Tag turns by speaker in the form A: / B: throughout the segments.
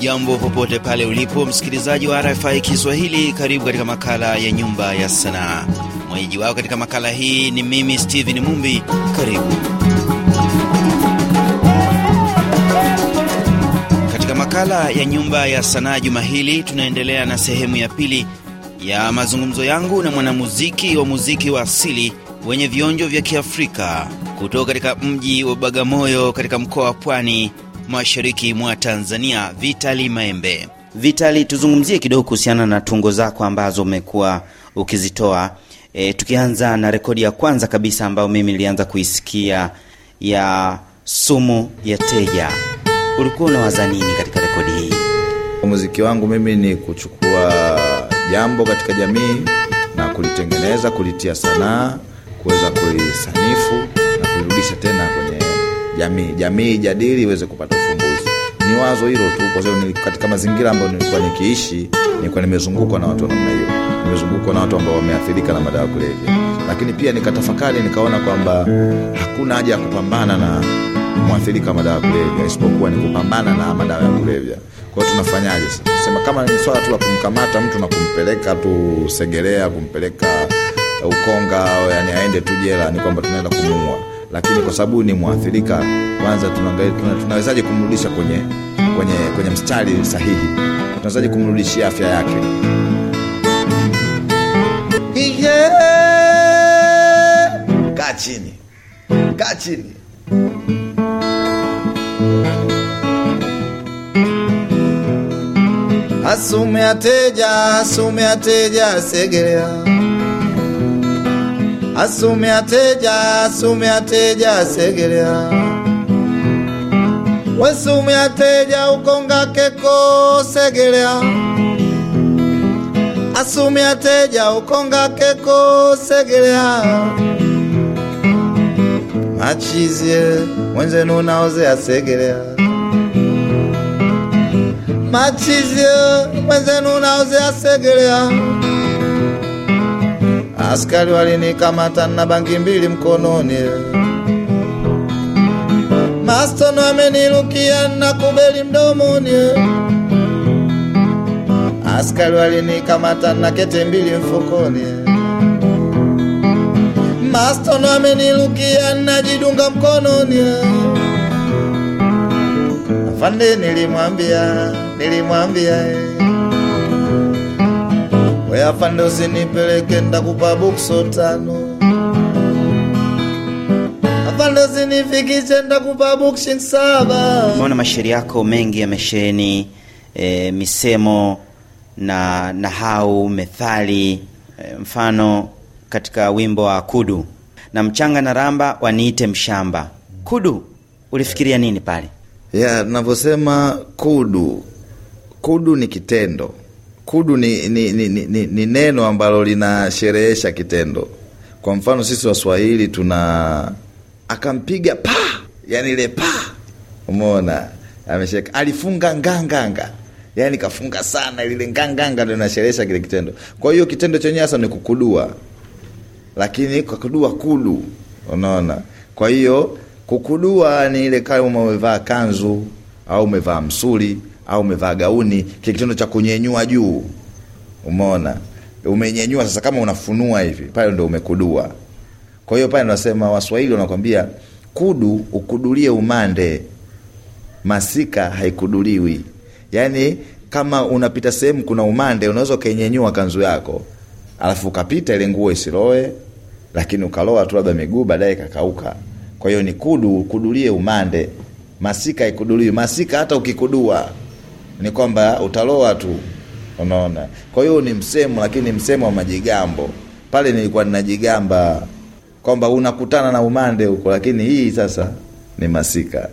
A: Hujambo popote pale ulipo msikilizaji wa RFI Kiswahili, karibu katika makala ya nyumba ya sanaa. Mwenyeji wao katika makala hii ni mimi stehen Mumbi. Karibu katika makala ya nyumba ya sanaa. Juma hili tunaendelea na sehemu ya pili ya mazungumzo yangu na mwanamuziki wa muziki wa asili wenye vionjo vya Kiafrika kutoka katika mji wa Bagamoyo katika mkoa wa Pwani mashariki mwa Tanzania, Vitali Maembe. Vitali, tuzungumzie kidogo kuhusiana na tungo zako ambazo umekuwa ukizitoa. E, tukianza na rekodi ya kwanza kabisa ambayo mimi nilianza kuisikia ya sumu ya teja, ulikuwa unawaza nini katika rekodi hii? Muziki wangu mimi ni kuchukua
B: jambo katika jamii na kulitengeneza, kulitia sanaa, kuweza kulisanifu na kuirudisha tena kwenye jamii, jamii jadili iweze kupata ni wazo hilo tu kwa sababu katika mazingira ambayo nilikuwa nikiishi nilikuwa nimezungukwa na watu wa namna hiyo nimezungukwa na watu ambao wameathirika na madawa kulevya lakini pia nikatafakari nikaona kwamba hakuna haja ya kupambana na mwathirika wa madawa kulevya isipokuwa ni kupambana na madawa ya kulevya kwao tunafanyaje sema kama ni swala tu la kumkamata mtu na kumpeleka tu segerea kumpeleka ukonga yani aende tu jela ni kwamba tunaenda kumuua lakini kwa sababu ni mwathirika, kwanza tunaangalia tunawezaje kumrudisha kwenye, kwenye, kwenye mstari sahihi, tunawezaje kumrudishia afya yake
C: yeah. Kaa chini, kaa chini asume ateja, asume ateja, segerea asume ateja asume ateja asegerea wesume ateja ukongakeko segerea asume ateja ukongakeko segerea machizie mwenzenu naoze asegerea machizie mwenzenu naoze asegerea Askari walinikamata na bangi mbili mkononi. Mastono amenirukia na kubeli mdomoni. Askari walinikamata na kete mbili mfukoni. Mastono amenirukia na jidunga mkononi. Afande nilimwambia, nilimwambia eh we afande usinipeleke ndakupa bukso tano afande usinifikishe ndakupa bukshin saba
A: maona mashiri yako mengi yamesheni e, eh, misemo na nahau methali e, mfano katika wimbo wa kudu na mchanga na ramba waniite mshamba kudu ulifikiria nini pale ya yeah, navyosema kudu kudu ni kitendo kudu ni,
B: ni, ni, ni, ni ni neno ambalo linasherehesha kitendo. Kwa mfano sisi Waswahili tuna akampiga pa, yani ile pa, umeona amesheka, alifunga nganganga, yani kafunga sana, lile nganganga ndo linasherehesha kile kitendo. Kwa hiyo kitendo chenyewe hasa ni kukudua, lakini kakudua kudu, unaona. Kwa hiyo kukudua ni ile kama umevaa kanzu au umevaa msuli au umevaa gauni, kile kitendo cha kunyenyua juu, umeona umenyenyua. Sasa kama unafunua hivi, pale ndo umekudua. Kwa hiyo pale nasema Waswahili wanakwambia kudu ukudulie umande, masika haikuduliwi. Yaani kama unapita sehemu kuna umande, unaweza ukainyenyua kanzu yako alafu ukapita ile nguo isiloe, lakini ukaloa tu labda miguu, baadaye kakauka. Kwa hiyo ni kudu ukudulie umande, masika haikuduliwi. Masika hata ukikudua ni kwamba utaloa tu, unaona. Kwa hiyo ni msemo, lakini msemo wa majigambo. Pale nilikuwa ninajigamba kwamba
A: unakutana na umande huko, lakini hii sasa ni masika.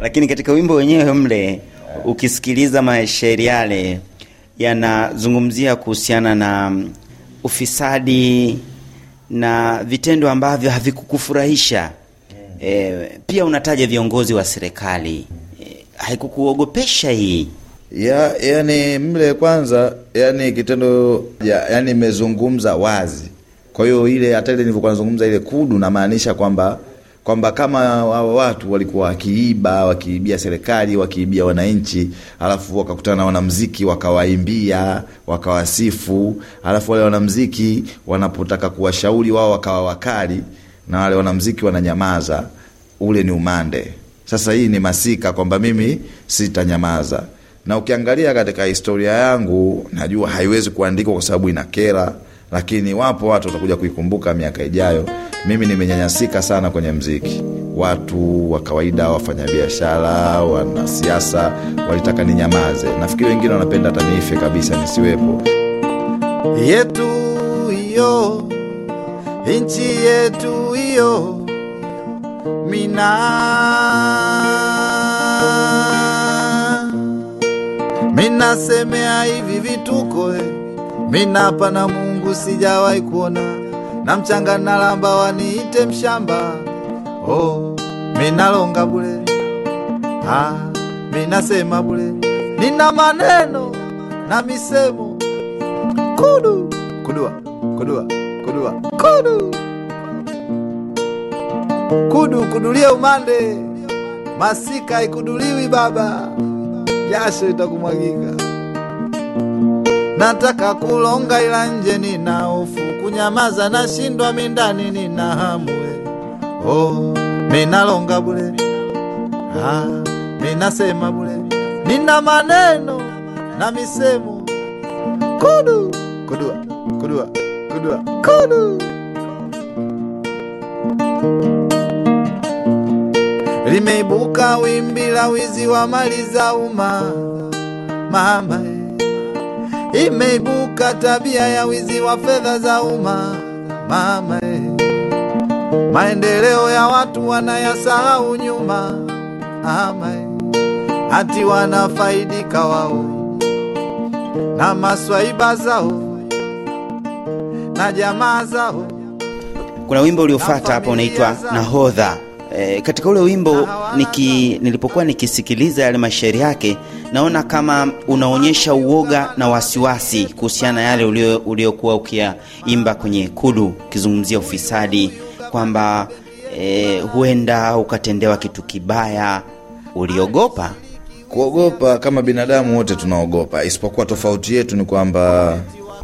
A: Lakini katika wimbo wenyewe mle, ukisikiliza mashairi yale yanazungumzia kuhusiana na mm, ufisadi na vitendo ambavyo havikukufurahisha. E, pia unataja viongozi wa serikali. E, haikukuogopesha hii? ya yani mle kwanza, yani
B: kitendo ya, yani imezungumza wazi. Kwa hiyo ile hata ile nilivyokuwa nazungumza ile kudu, namaanisha kwamba kwamba kama hawa watu walikuwa wakiiba, wakiibia serikali, wakiibia wananchi, alafu wakakutana na wanamziki wakawaimbia, wakawasifu, alafu wale wanamziki wanapotaka kuwashauri wao wakawa wakali na wale wanamziki wananyamaza, ule ni umande. Sasa hii ni masika kwamba mimi sitanyamaza na ukiangalia katika historia yangu najua haiwezi kuandikwa kwa sababu inakera lakini wapo watu watakuja kuikumbuka miaka ijayo mimi nimenyanyasika sana kwenye mziki watu wa kawaida wafanyabiashara wanasiasa walitaka ninyamaze nafikiri wengine wanapenda hata niife kabisa nisiwepo yetu hiyo nchi
C: yetu hiyo mina Minasemea hivi vituko eh. Minapa na Mungu sijawahi kuona na mchanga na lamba waniite mshamba oh, minalonga bule ah, minasema bule nina maneno na misemo kudu kudua kudua kudua kudu kudu kudulie umande masika ikuduliwi baba jasho itakumwagika. Nataka kulonga ila nje nina hofu, kunyamaza na shindwa, mindani nina hamu. Oh, minalonga bule, ah, minasema bule, nina maneno na misemo kudu kudua kudua kudua kudu limeibuka wimbi la wizi wa mali za umma. Mama, imeibuka tabia ya wizi wa fedha za umma. Mama, maendeleo ya watu wanayasahau nyuma. ama, hati wanafaidika wao na maswaiba zao na jamaa zao.
A: Kuna wimbo uliofuata hapa unaitwa Nahodha. E, katika ule wimbo niki, nilipokuwa nikisikiliza yale mashairi yake, naona kama unaonyesha uoga na wasiwasi kuhusiana na yale uliokuwa ukiyaimba kwenye Ikulu, ukizungumzia ufisadi kwamba e, huenda ukatendewa kitu kibaya. Uliogopa?
B: Kuogopa kama binadamu wote tunaogopa, isipokuwa tofauti yetu ni kwamba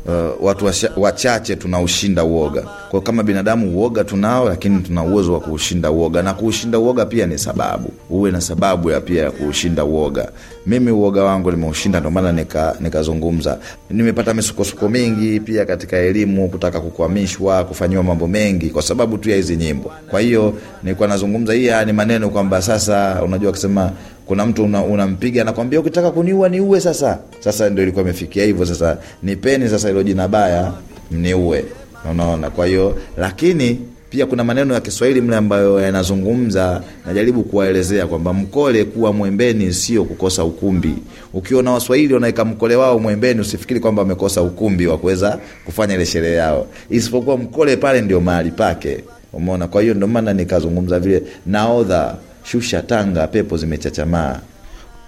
B: uh, watu wachache tunaushinda uoga. Kwa kama binadamu uoga tunao, lakini tuna uwezo wa kuushinda uoga, na kuushinda uoga pia ni sababu, uwe na sababu ya pia ya kuushinda uoga. Mimi uoga wangu nimeushinda, ndio maana nika nikazungumza. Nimepata misukosuko mingi pia katika elimu, kutaka kukwamishwa, kufanyiwa mambo mengi kwa sababu tu ya hizi nyimbo. Kwa hiyo nilikuwa nazungumza hii ni maneno kwamba sasa, unajua kusema kuna mtu unampiga una nakwambia ukitaka kuniua niue sasa. Sasa ndio ilikuwa imefikia hivyo, sasa nipeni sasa ilo jina baya mniue, unaona. Kwa hiyo lakini pia kuna maneno ya Kiswahili mle ambayo yanazungumza, najaribu kuwaelezea kwamba mkole kuwa mwembeni sio kukosa ukumbi. Ukiona Waswahili wanaweka mkole wao mwembeni, usifikiri kwamba wamekosa ukumbi wa kuweza kufanya ile sherehe yao, isipokuwa mkole pale ndio mahali pake, umeona. Kwa hiyo ndio maana nikazungumza vile naodha shusha tanga, pepo zimechachamaa.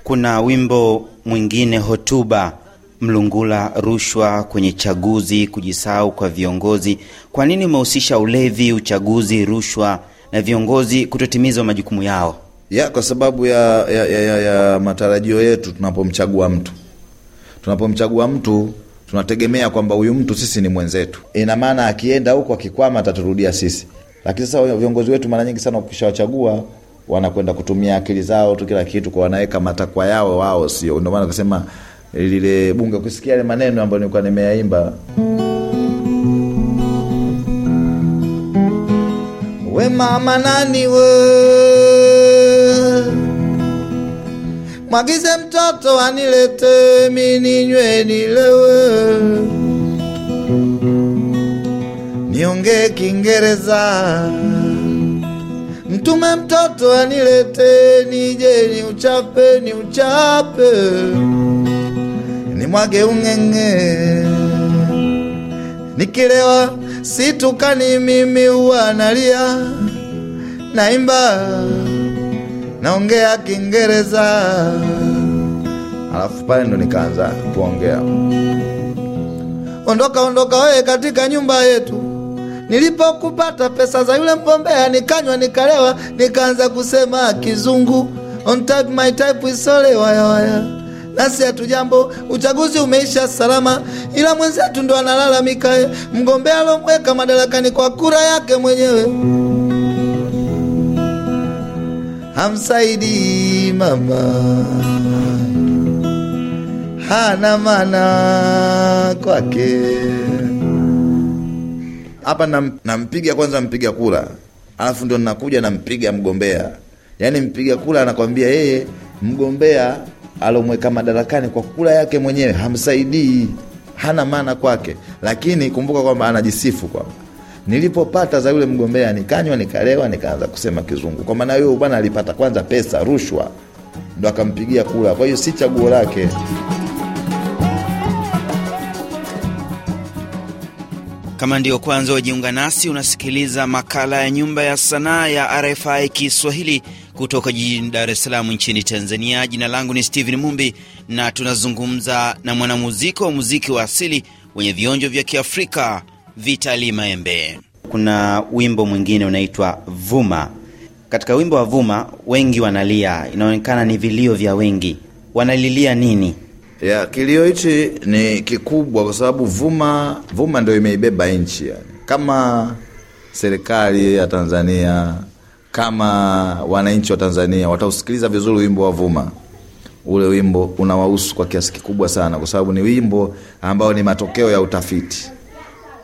A: Kuna wimbo mwingine hotuba mlungula rushwa kwenye chaguzi, kujisahau kwa viongozi. Kwa nini umehusisha ulevi, uchaguzi, rushwa na viongozi kutotimiza majukumu yao?
B: Ya, kwa sababu ya, ya, ya, ya matarajio yetu tunapomchagua mtu, tunapomchagua mtu tunategemea kwamba huyu mtu sisi ni mwenzetu. Ina maana akienda huko akikwama ataturudia sisi, lakini sasa viongozi wetu mara nyingi sana ukishawachagua wanakwenda kutumia akili zao tu kila kitu kwa wanaweka matakwa yao wao, sio? Ndio maana akasema eh, lile bunge kusikia yale maneno ambayo nilikuwa nimeyaimba
C: we mama nani we mwagize mtoto anilete mininywe nilewe niongee Kiingereza Mtume mtoto anileteni, nije ni uchape ni uchape ni mwage ung'eng'e, nikilewa situkani mimi huwa nalia, naimba naongea kingereza
B: Alafu pale ndo nikaanza kuongea,
C: ondoka ondoka wewe katika nyumba yetu Nilipokupata pesa za yule mpombea, nikanywa nikalewa, nikaanza kusema kizungu on type my type isole waya waya. Nasi hatujambo, uchaguzi umeisha salama, ila mwenzetu ndo analalamika, mgombea alomweka madarakani kwa kura yake mwenyewe hamsaidi mama, hana mana kwake
B: hapa nam, nampiga kwanza mpiga kula alafu ndo nakuja nampiga mgombea. Yaani mpiga kula anakwambia yeye mgombea alomweka madarakani kwa kula yake mwenyewe hamsaidii, hana maana kwake. Lakini kumbuka kwamba anajisifu kwamba nilipopata za yule mgombea nikanywa, nikalewa, nikaanza kusema kizungu. Kwa maana huyo bwana alipata kwanza pesa, rushwa, ndo akampigia kula Kwa hiyo si chaguo lake.
A: Kama ndiyo kwanza wajiunga nasi, unasikiliza makala ya Nyumba ya Sanaa ya RFI Kiswahili kutoka jijini Dar es Salaam nchini Tanzania. Jina langu ni stehen Mumbi na tunazungumza na mwanamuziki wa muziki wa asili wenye vionjo vya Kiafrika, Vitali Maembe. Kuna wimbo mwingine unaitwa Vuma. Katika wimbo wa Vuma wengi wanalia, inaonekana ni vilio vya wengi. Wanalilia nini? ya kilio hichi ni kikubwa kwa sababu
B: Vuma Vuma ndio imeibeba nchi yani. Kama serikali ya Tanzania kama wananchi wa Tanzania watausikiliza vizuri wimbo wa Vuma, ule wimbo unawahusu kwa kiasi kikubwa sana, kwa sababu ni wimbo ambao ni matokeo ya utafiti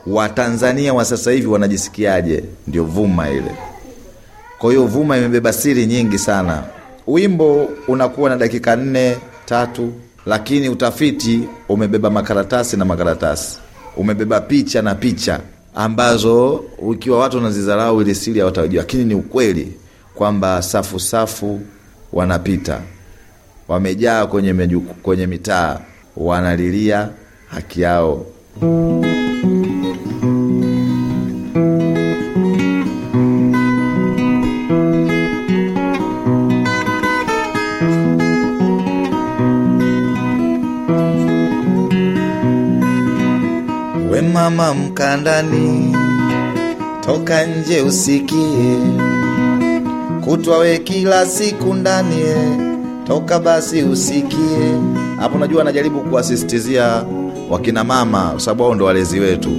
B: Watanzania wa sasa hivi wanajisikiaje, ndio Vuma ile. Kwa hiyo Vuma imebeba siri nyingi sana. Wimbo unakuwa na dakika nne tatu lakini utafiti umebeba makaratasi na makaratasi, umebeba picha na picha ambazo ukiwa watu wanazizarau ile siri hawatajua, lakini ni ukweli kwamba safu safu wanapita wamejaa kwenye, kwenye mitaa wanalilia haki yao.
C: kama mkandani, toka nje usikie,
B: kutwa we kila siku ndani, toka basi usikie. Hapo najua najaribu kuwasisitizia wakina mama, sababu wao ndo walezi wetu,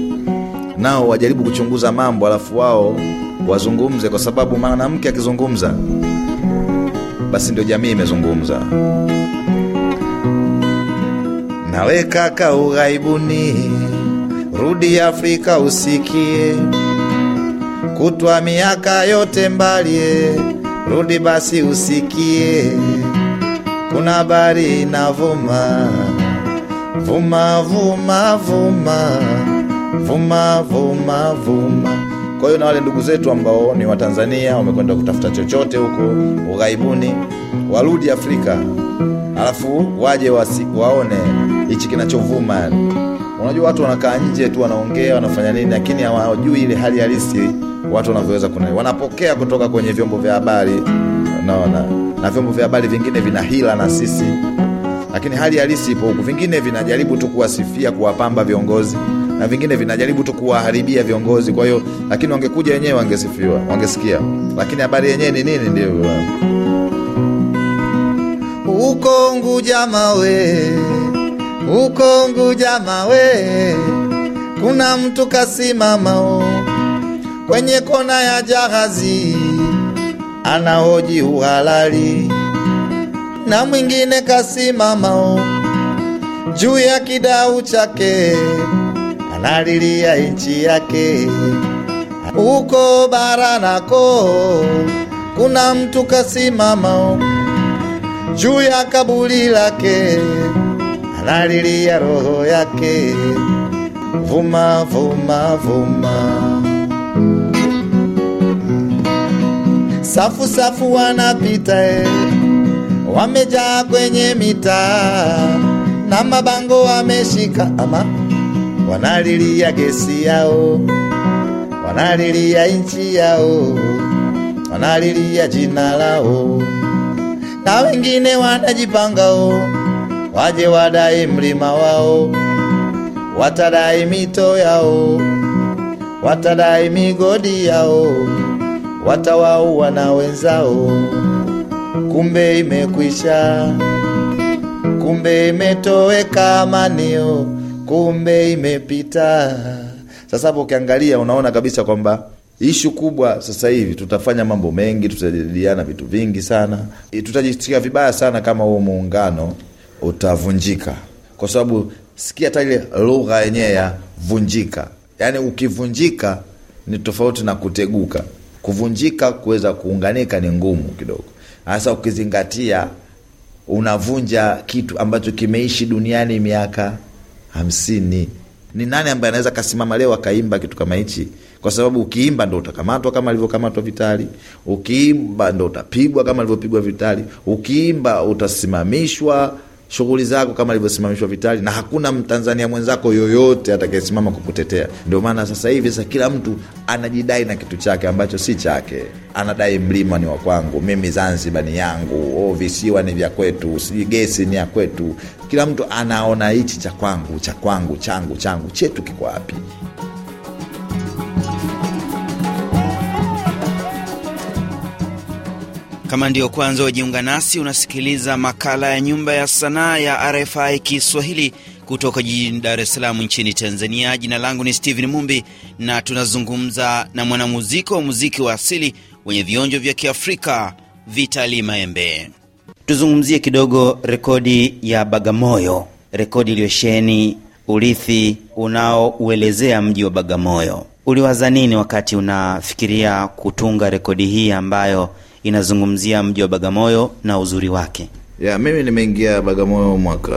B: nao wajaribu kuchunguza mambo, alafu wao wazungumze, kwa sababu mwanamke akizungumza basi ndio jamii imezungumza. Naweka kaka ughaibuni
C: rudi Afrika usikie, kutwa miaka yote mbali, rudi basi usikie, kuna bari inavuma vuma vuma vuma
B: vuma vuma vuma. Kwa hiyo na wale ndugu zetu ambao ni Watanzania wamekwenda kutafuta chochote huko ughaibuni, warudi Afrika alafu waje wasi, waone hichi kinachovuma yani. Unajua watu wanakaa nje tu wanaongea wanafanya nini, lakini hawajui ile hali halisi watu wanavyoweza kuna wanapokea kutoka kwenye vyombo vya habari naona na vyombo vya habari vingine vina hila na sisi, lakini hali halisi ipo huku. Vingine vinajaribu tu kuwasifia kuwapamba viongozi na vingine vinajaribu tu kuwaharibia viongozi. Kwa hiyo lakini wangekuja wenyewe wangesifiwa, wangesikia, lakini habari yenyewe ni nini? Ndio
A: huko
C: Mawe Uko nguja Mawe kuna mtu kasimamao oh. kwenye kona ya jahazi anahoji uhalali, na mwingine kasimamao oh. juu ya kidau chake analilia inchi yake. Uko Baranako kuna mtu kasimamao oh. juu ya kaburi lake nalilia roho yake, vuma vuma vuma. Safu safu wanapita e wamejaa kwenye mitaa na mabango wameshika, ama wanalilia gesi yao, wanalilia nchi yao, wanalilia jina lao, na wengine wanajipangao oh waje wadai mlima wao, watadai mito yao, watadai migodi yao, watawaua na wenzao. Kumbe imekwisha,
B: kumbe imetoweka manio, kumbe imepita. Sasa hapo ukiangalia unaona kabisa kwamba ishu kubwa sasa hivi tutafanya mambo mengi, tutajadiliana vitu vingi sana, e, tutajisikia vibaya sana kama huo muungano utavunjika, kwa sababu sikia hata ile lugha yenyewe ya vunjika, yaani ukivunjika ni tofauti na kuteguka. Kuvunjika kuweza kuunganika ni ngumu kidogo, hasa ukizingatia unavunja kitu ambacho kimeishi duniani miaka hamsini. Ni nani ambaye anaweza kasimama leo akaimba kitu kama hichi? Kwa sababu ukiimba ndo utakamatwa kama alivyokamatwa Vitali, ukiimba ndo utapigwa kama alivyopigwa Vitali, ukiimba utasimamishwa shughuli zako kama alivyosimamishwa Vitali, na hakuna Mtanzania mwenzako yoyote atakayesimama kukutetea. Ndio maana sasa hivi sasa kila mtu anajidai na kitu chake ambacho si chake. Anadai mlima ni wa kwangu, mimi Zanzibar ni yangu, o visiwa ni vya kwetu, sijui gesi ni ya kwetu. Kila mtu anaona hichi cha kwangu, cha kwangu, changu, changu. Chetu
A: kiko wapi? Kama ndiyo kwanza wajiunga nasi, unasikiliza makala ya Nyumba ya Sanaa ya RFI Kiswahili kutoka jijini Dar es Salaam nchini Tanzania. Jina langu ni stephen Mumbi na tunazungumza na mwanamuziki wa muziki wa asili wenye vionjo vya Kiafrika, Vitali Maembe. Tuzungumzie kidogo rekodi ya Bagamoyo, rekodi iliyosheni urithi unaouelezea mji wa Bagamoyo. Uliwaza nini wakati unafikiria kutunga rekodi hii ambayo inazungumzia mji wa Bagamoyo na uzuri wake.
B: Ya, mimi nimeingia Bagamoyo mwaka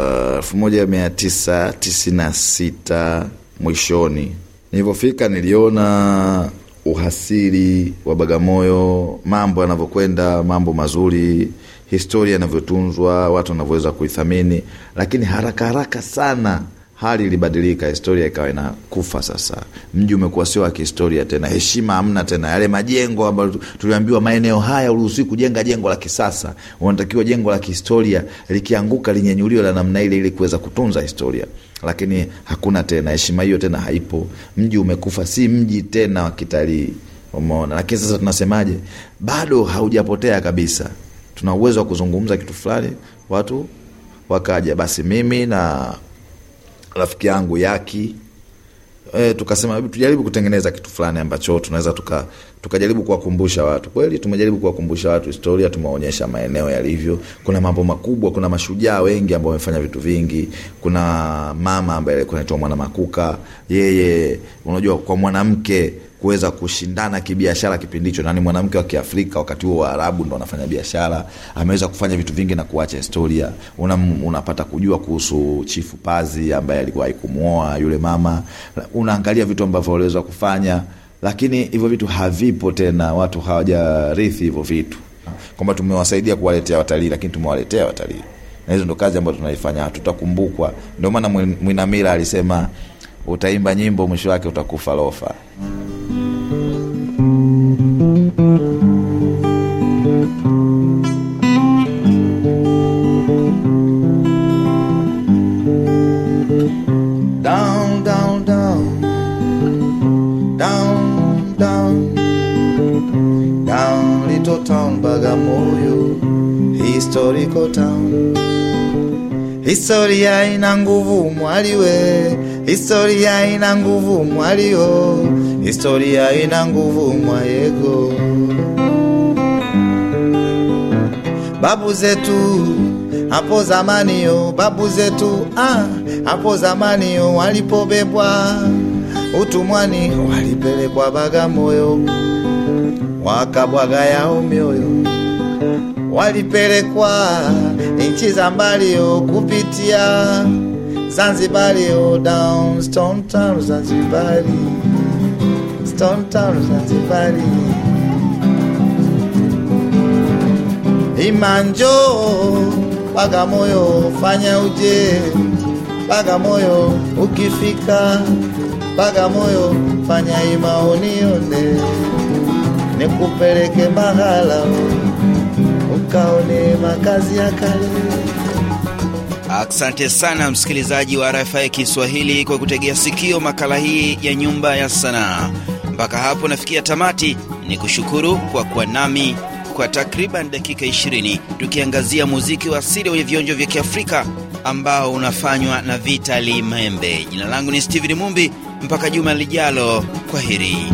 B: 1996 mwishoni. Nilivyofika niliona uhasili wa Bagamoyo, mambo yanavyokwenda, mambo mazuri, historia inavyotunzwa, watu wanavyoweza kuithamini, lakini haraka haraka sana hali ilibadilika, historia ikawa inakufa. Sasa mji umekuwa sio wa kihistoria tena, heshima hamna tena. Yale majengo ambayo tuliambiwa maeneo haya uruhusiwi kujenga jengo la kisasa, unatakiwa jengo la kihistoria, likianguka linyenyuliwe la namna ile, ili kuweza kutunza historia. Lakini hakuna tena heshima hiyo, tena haipo. Mji umekufa, si mji tena wa kitalii, umeona. Lakini sasa tunasemaje? Bado haujapotea kabisa, tuna uwezo wa kuzungumza kitu fulani, watu wakaja, basi mimi na rafiki yangu Yaki e, tukasema tujaribu kutengeneza kitu fulani ambacho tunaweza tuka tukajaribu kuwakumbusha watu. Kweli tumejaribu kuwakumbusha watu historia, tumewaonyesha maeneo yalivyo. Kuna mambo makubwa, kuna mashujaa wengi ambao wamefanya vitu vingi. Kuna mama ambaye alikuwa anaitwa Mwana Makuka, yeye unajua, kwa mwanamke kuweza kushindana kibiashara kipindi hicho, na ni mwanamke wa Kiafrika wakati huo, Waarabu ndo wanafanya biashara. Ameweza kufanya vitu vingi na kuacha historia. Una, unapata kujua kuhusu Chifu Pazi ambaye alikuwa haikumwoa yule mama, unaangalia vitu ambavyo waliweza kufanya, lakini hivyo vitu havipo tena, watu hawajarithi hivyo vitu, kwamba tumewasaidia kuwaletea watalii, lakini tumewaletea watalii na hizo ndo kazi ambazo tunaifanya, tutakumbukwa. Ndio maana Mwinamira alisema utaimba nyimbo mwisho wake utakufa lofa. mm.
C: historical town. Historia ina nguvu mwaliwe, historia ina nguvu mwalio,
B: historia
C: ina nguvu mwayego. Babu zetu hapo zamanio, babu zetu ah, hapo yo walipobebwa utumwani walipelekwa Bagamoyo, wakabwaga yao mioyo walipelekwa nchi za mbali kupitia Zanzibari, yo down Stone Town Zanzibari, Stone Town Zanzibari, Imanjo Bagamoyo, fanya uje Bagamoyo, ukifika Bagamoyo fanya imaonione nikupeleke mahala tukaone makazi ya kale.
A: Asante sana msikilizaji wa RFI Kiswahili kwa kutegea sikio makala hii ya Nyumba ya Sanaa. Mpaka hapo nafikia tamati, ni kushukuru kwa kuwa nami kwa takriban dakika 20 tukiangazia muziki wa asili wenye vionjo vya Kiafrika ambao unafanywa na Vitali Maembe. Jina langu ni Steven Mumbi. Mpaka juma lijalo, kwa heri.